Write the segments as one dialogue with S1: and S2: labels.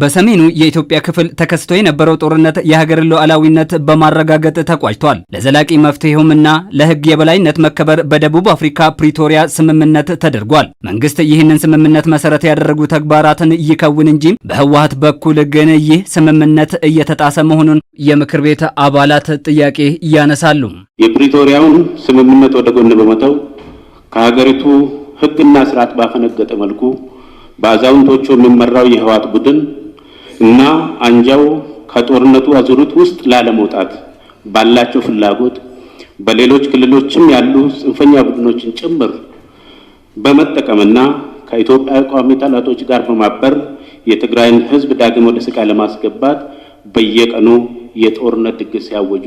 S1: በሰሜኑ የኢትዮጵያ ክፍል ተከስቶ የነበረው ጦርነት የሀገር ሉዓላዊነት በማረጋገጥ ተቋጭቷል። ለዘላቂ መፍትሄውምና ለሕግ የበላይነት መከበር በደቡብ አፍሪካ ፕሪቶሪያ ስምምነት ተደርጓል። መንግስት ይህንን ስምምነት መሰረት ያደረጉ ተግባራትን ይከውን እንጂ በህወሀት በኩል ግን ይህ ስምምነት እየተጣሰ መሆኑን የምክር ቤት አባላት ጥያቄ ያነሳሉ።
S2: የፕሪቶሪያውን ስምምነት ወደ ጎን በመተው ከሀገሪቱ ሕግና ስርዓት ባፈነገጠ መልኩ በአዛውንቶቹ የሚመራው የህወሀት ቡድን እና አንጃው ከጦርነቱ አዙሪት ውስጥ ላለመውጣት ባላቸው ፍላጎት በሌሎች ክልሎችም ያሉ ጽንፈኛ ቡድኖችን ጭምር በመጠቀምና ከኢትዮጵያ ቋሚ ጠላቶች ጋር በማበር የትግራይን ሕዝብ ዳግም ወደ ስቃይ ለማስገባት በየቀኑ የጦርነት ድግስ ሲያወጁ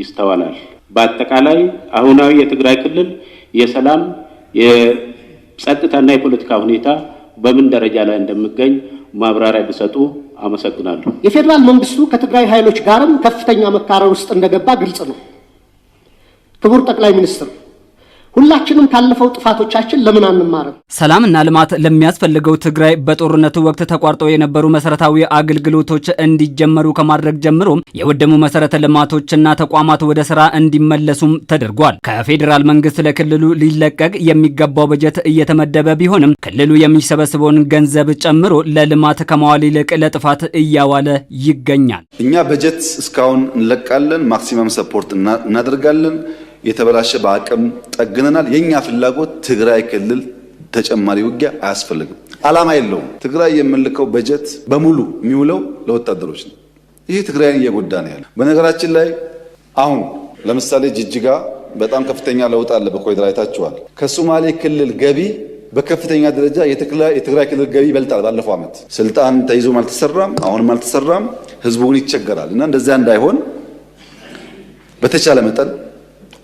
S2: ይስተዋላል። በአጠቃላይ አሁናዊ የትግራይ ክልል የሰላም የጸጥታና የፖለቲካ ሁኔታ በምን ደረጃ ላይ እንደሚገኝ ማብራሪያ ቢሰጡ አመሰግናለሁ።
S3: የፌዴራል መንግስቱ ከትግራይ ኃይሎች ጋርም ከፍተኛ መካረር ውስጥ እንደገባ ግልጽ ነው። ክቡር ጠቅላይ ሚኒስትር ሁላችንም ካለፈው ጥፋቶቻችን ለምን አንማርም?
S1: ሰላምና ልማት ለሚያስፈልገው ትግራይ በጦርነቱ ወቅት ተቋርጠው የነበሩ መሰረታዊ አገልግሎቶች እንዲጀመሩ ከማድረግ ጀምሮ የወደሙ መሰረተ ልማቶችና ተቋማት ወደ ስራ እንዲመለሱም ተደርጓል። ከፌዴራል መንግስት ለክልሉ ሊለቀቅ የሚገባው በጀት እየተመደበ ቢሆንም ክልሉ የሚሰበስበውን ገንዘብ ጨምሮ ለልማት ከማዋል ይልቅ ለጥፋት እያዋለ ይገኛል።
S2: እኛ በጀት እስካሁን እንለቃለን፣ ማክሲመም ሰፖርት እናደርጋለን የተበላሸ በአቅም ጠግነናል። የኛ ፍላጎት ትግራይ ክልል ተጨማሪ ውጊያ አያስፈልግም፣ አላማ የለውም። ትግራይ የምንልከው በጀት በሙሉ የሚውለው ለወታደሮች ነው። ይህ ትግራይን እየጎዳ ነው ያለ። በነገራችን ላይ አሁን ለምሳሌ ጅጅጋ በጣም ከፍተኛ ለውጥ አለ። በኮሪደር አይታችኋል። ከሶማሌ ክልል ገቢ በከፍተኛ ደረጃ የትግራይ ክልል ገቢ ይበልጣል። ባለፈው ዓመት ስልጣን ተይዞም አልተሰራም፣ አሁንም አልተሰራም። ህዝቡን ይቸገራል እና እንደዚያ እንዳይሆን በተቻለ መጠን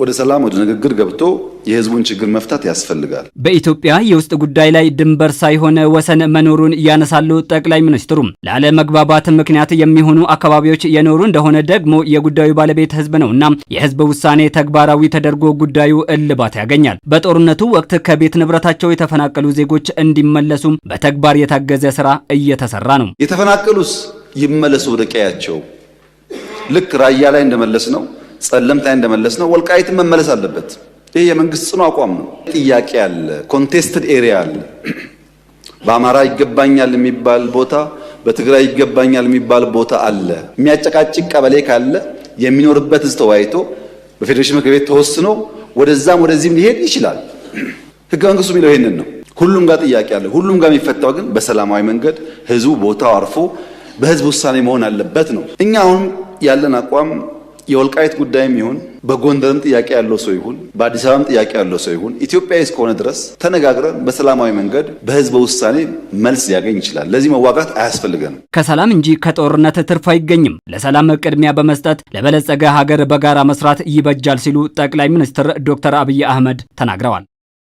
S2: ወደ ሰላም ወደ ንግግር ገብቶ የህዝቡን ችግር መፍታት ያስፈልጋል።
S1: በኢትዮጵያ የውስጥ ጉዳይ ላይ ድንበር ሳይሆን ወሰን መኖሩን ያነሳሉ ጠቅላይ ሚኒስትሩም። ላለመግባባት ምክንያት የሚሆኑ አካባቢዎች የኖሩ እንደሆነ ደግሞ የጉዳዩ ባለቤት ህዝብ ነውና የህዝብ ውሳኔ ተግባራዊ ተደርጎ ጉዳዩ እልባት ያገኛል። በጦርነቱ ወቅት ከቤት ንብረታቸው የተፈናቀሉ ዜጎች እንዲመለሱ በተግባር የታገዘ ስራ እየተሰራ ነው።
S2: የተፈናቀሉስ ይመለሱ ወደ ቀያቸው ልክ ራያ ላይ እንደመለስ ነው ጸለምት ላይ እንደመለስ ነው። ወልቃይትን መመለስ አለበት። ይህ የመንግስት ጽኑ አቋም ነው። ጥያቄ አለ፣ ኮንቴስትድ ኤሪያ አለ። በአማራ ይገባኛል የሚባል ቦታ፣ በትግራይ ይገባኛል የሚባል ቦታ አለ። የሚያጨቃጭቅ ቀበሌ ካለ የሚኖርበት ህዝብ ተወያይቶ በፌዴሬሽን ምክር ቤት ተወስኖ ወደዛም ወደዚህም ሊሄድ ይችላል። ህገ መንግስቱ የሚለው ይህንን ነው። ሁሉም ጋር ጥያቄ አለ። ሁሉም ጋር የሚፈታው ግን በሰላማዊ መንገድ ህዝቡ ቦታው አርፎ በህዝብ ውሳኔ መሆን አለበት ነው። እኛ አሁን ያለን አቋም የወልቃይት ጉዳይም ይሁን በጎንደርም ጥያቄ ያለው ሰው ይሁን በአዲስ አበባም ጥያቄ ያለው ሰው ይሁን ኢትዮጵያዊ እስከሆነ ድረስ ተነጋግረን በሰላማዊ መንገድ በህዝበ ውሳኔ መልስ ሊያገኝ ይችላል። ለዚህ መዋጋት አያስፈልገንም።
S1: ከሰላም እንጂ ከጦርነት ትርፍ አይገኝም። ለሰላም ቅድሚያ በመስጠት ለበለጸገ ሀገር በጋራ መስራት ይበጃል ሲሉ ጠቅላይ ሚኒስትር ዶክተር አብይ አህመድ ተናግረዋል።